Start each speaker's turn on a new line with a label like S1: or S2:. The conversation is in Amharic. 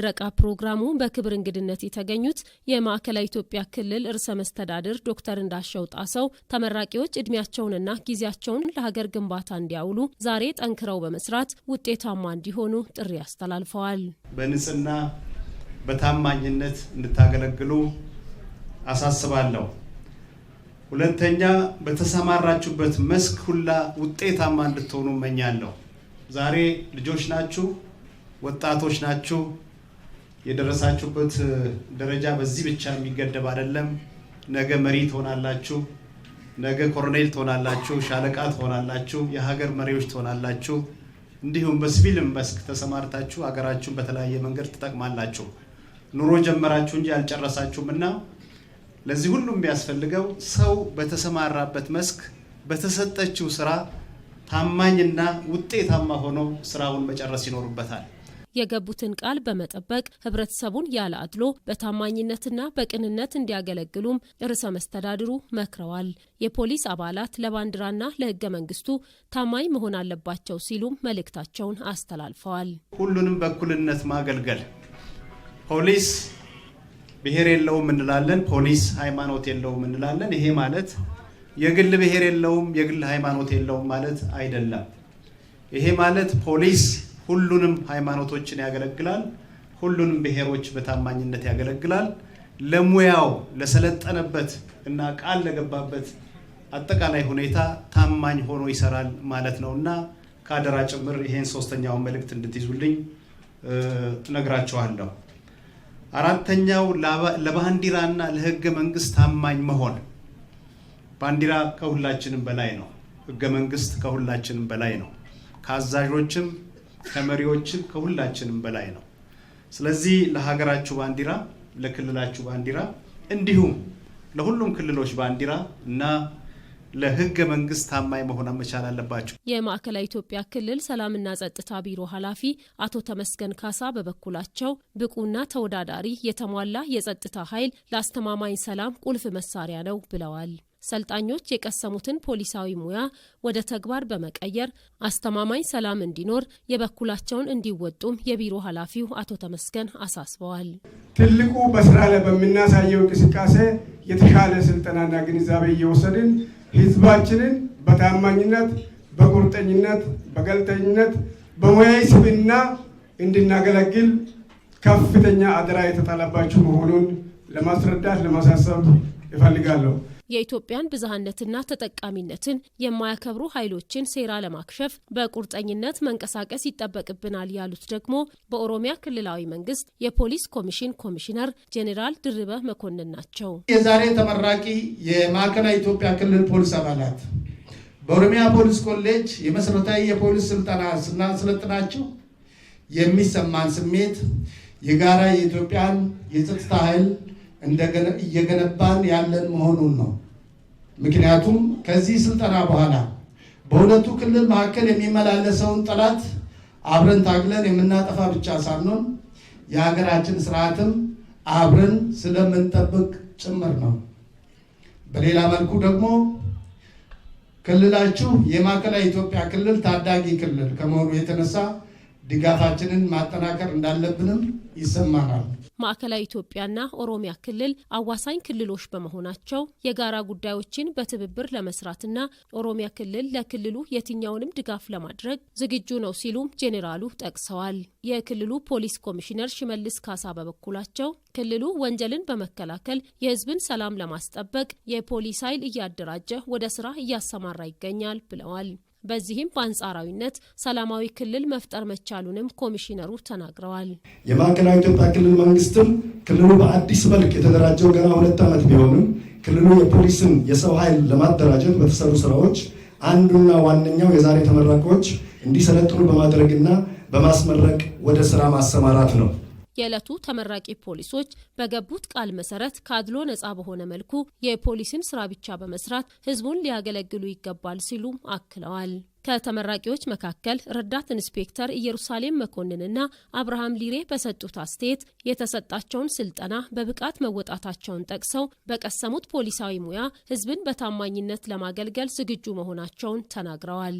S1: በምረቃ ፕሮግራሙ በክብር እንግድነት የተገኙት የማዕከላዊ ኢትዮጵያ ክልል ርዕሰ መስተዳድር ዶክተር እንዳሸው ጣሰው ተመራቂዎች እድሜያቸውንና ጊዜያቸውን ለሀገር ግንባታ እንዲያውሉ ዛሬ ጠንክረው በመስራት ውጤታማ እንዲሆኑ ጥሪ አስተላልፈዋል።
S2: በንጽህና በታማኝነት እንድታገለግሉ አሳስባለሁ። ሁለተኛ በተሰማራችሁበት መስክ ሁላ ውጤታማ እንድትሆኑ እመኛለሁ። ዛሬ ልጆች ናችሁ፣ ወጣቶች ናችሁ። የደረሳችሁበት ደረጃ በዚህ ብቻ የሚገደብ አይደለም። ነገ መሪ ትሆናላችሁ፣ ነገ ኮሎኔል ትሆናላችሁ፣ ሻለቃ ትሆናላችሁ፣ የሀገር መሪዎች ትሆናላችሁ። እንዲሁም በሲቪልም መስክ ተሰማርታችሁ ሀገራችሁን በተለያየ መንገድ ትጠቅማላችሁ። ኑሮ ጀመራችሁ እንጂ አልጨረሳችሁም እና ለዚህ ሁሉ የሚያስፈልገው ሰው በተሰማራበት መስክ በተሰጠችው ስራ ታማኝና ውጤታማ ሆኖ ስራውን መጨረስ ይኖርበታል።
S1: የገቡትን ቃል በመጠበቅ ህብረተሰቡን ያለ አድሎ በታማኝነትና በቅንነት እንዲያገለግሉም ርዕሰ መስተዳድሩ መክረዋል። የፖሊስ አባላት ለባንዲራና ለህገ መንግስቱ ታማኝ መሆን አለባቸው ሲሉም መልእክታቸውን አስተላልፈዋል።
S2: ሁሉንም በእኩልነት ማገልገል። ፖሊስ ብሔር የለውም እንላለን፣ ፖሊስ ሃይማኖት የለውም እንላለን። ይሄ ማለት የግል ብሔር የለውም የግል ሃይማኖት የለውም ማለት አይደለም። ይሄ ማለት ፖሊስ ሁሉንም ሃይማኖቶችን ያገለግላል። ሁሉንም ብሔሮች በታማኝነት ያገለግላል። ለሙያው ለሰለጠነበት እና ቃል ለገባበት አጠቃላይ ሁኔታ ታማኝ ሆኖ ይሰራል ማለት ነው እና ከአደራ ጭምር ይሄን ሶስተኛውን መልእክት እንድትይዙልኝ እነግራቸዋለሁ። አራተኛው ለባንዲራና ለህገ መንግስት ታማኝ መሆን። ባንዲራ ከሁላችንም በላይ ነው። ህገ መንግስት ከሁላችንም በላይ ነው። ከአዛዦችም ከመሪዎችም ከሁላችንም በላይ ነው። ስለዚህ ለሀገራችሁ ባንዲራ፣ ለክልላችሁ ባንዲራ እንዲሁም ለሁሉም ክልሎች ባንዲራ እና ለህገ መንግስት ታማኝ መሆን መቻል አለባቸው።
S1: የማዕከላዊ ኢትዮጵያ ክልል ሰላምና ጸጥታ ቢሮ ኃላፊ አቶ ተመስገን ካሳ በበኩላቸው ብቁና ተወዳዳሪ የተሟላ የጸጥታ ኃይል ለአስተማማኝ ሰላም ቁልፍ መሳሪያ ነው ብለዋል። ሰልጣኞች የቀሰሙትን ፖሊሳዊ ሙያ ወደ ተግባር በመቀየር አስተማማኝ ሰላም እንዲኖር የበኩላቸውን እንዲወጡም የቢሮ ኃላፊው አቶ ተመስገን አሳስበዋል።
S2: ትልቁ በስራ ላይ በምናሳየው እንቅስቃሴ የተሻለ ስልጠናና ግንዛቤ እየወሰድን ህዝባችንን በታማኝነት፣ በቁርጠኝነት፣ በገልጠኝነት በሙያዊ ስብና እንድናገለግል ከፍተኛ አደራ የተጣለባችሁ መሆኑን ለማስረዳት ለማሳሰብ እፈልጋለሁ።
S1: የኢትዮጵያን ብዝሃነትና ተጠቃሚነትን የማያከብሩ ኃይሎችን ሴራ ለማክሸፍ በቁርጠኝነት መንቀሳቀስ ይጠበቅብናል ያሉት ደግሞ በኦሮሚያ ክልላዊ መንግስት የፖሊስ ኮሚሽን ኮሚሽነር ጄኔራል ድርበ መኮንን ናቸው።
S2: የዛሬ ተመራቂ የማዕከላዊ ኢትዮጵያ ክልል ፖሊስ አባላት በኦሮሚያ ፖሊስ ኮሌጅ የመሰረታዊ የፖሊስ ስልጠና ስናሰለጥናቸው የሚሰማን ስሜት የጋራ የኢትዮጵያን የጸጥታ ኃይል እየገነባን ያለን መሆኑን ነው። ምክንያቱም ከዚህ ስልጠና በኋላ በሁለቱ ክልል መካከል የሚመላለሰውን ጠላት አብረን ታግለን የምናጠፋ ብቻ ሳንሆን የሀገራችን ስርዓትም አብረን ስለምንጠብቅ ጭምር ነው። በሌላ መልኩ ደግሞ ክልላችሁ የማዕከላዊ ኢትዮጵያ ክልል ታዳጊ ክልል ከመሆኑ የተነሳ ድጋፋችንን ማጠናከር እንዳለብንም ይሰማናል።
S1: ማዕከላዊ ኢትዮጵያና ኦሮሚያ ክልል አዋሳኝ ክልሎች በመሆናቸው የጋራ ጉዳዮችን በትብብር ለመስራትና ኦሮሚያ ክልል ለክልሉ የትኛውንም ድጋፍ ለማድረግ ዝግጁ ነው ሲሉም ጄኔራሉ ጠቅሰዋል። የክልሉ ፖሊስ ኮሚሽነር ሽመልስ ካሳ በበኩላቸው ክልሉ ወንጀልን በመከላከል የሕዝብን ሰላም ለማስጠበቅ የፖሊስ ኃይል እያደራጀ ወደ ስራ እያሰማራ ይገኛል ብለዋል። በዚህም በአንጻራዊነት ሰላማዊ ክልል መፍጠር መቻሉንም ኮሚሽነሩ ተናግረዋል።
S2: የማዕከላዊ ኢትዮጵያ ክልል መንግስትም ክልሉ በአዲስ መልክ የተደራጀው ገና ሁለት ዓመት ቢሆንም ክልሉ የፖሊስን የሰው ኃይል ለማደራጀት በተሰሩ ስራዎች አንዱና ዋነኛው የዛሬ ተመራቂዎች እንዲሰለጥኑ በማድረግና በማስመረቅ ወደ ስራ ማሰማራት ነው።
S1: የዕለቱ ተመራቂ ፖሊሶች በገቡት ቃል መሰረት ከአድሎ ነጻ በሆነ መልኩ የፖሊስን ስራ ብቻ በመስራት ህዝቡን ሊያገለግሉ ይገባል ሲሉም አክለዋል። ከተመራቂዎች መካከል ረዳት ኢንስፔክተር ኢየሩሳሌም መኮንንና አብርሃም ሊሬ በሰጡት አስተያየት የተሰጣቸውን ስልጠና በብቃት መወጣታቸውን ጠቅሰው በቀሰሙት ፖሊሳዊ ሙያ ህዝብን በታማኝነት ለማገልገል ዝግጁ መሆናቸውን ተናግረዋል።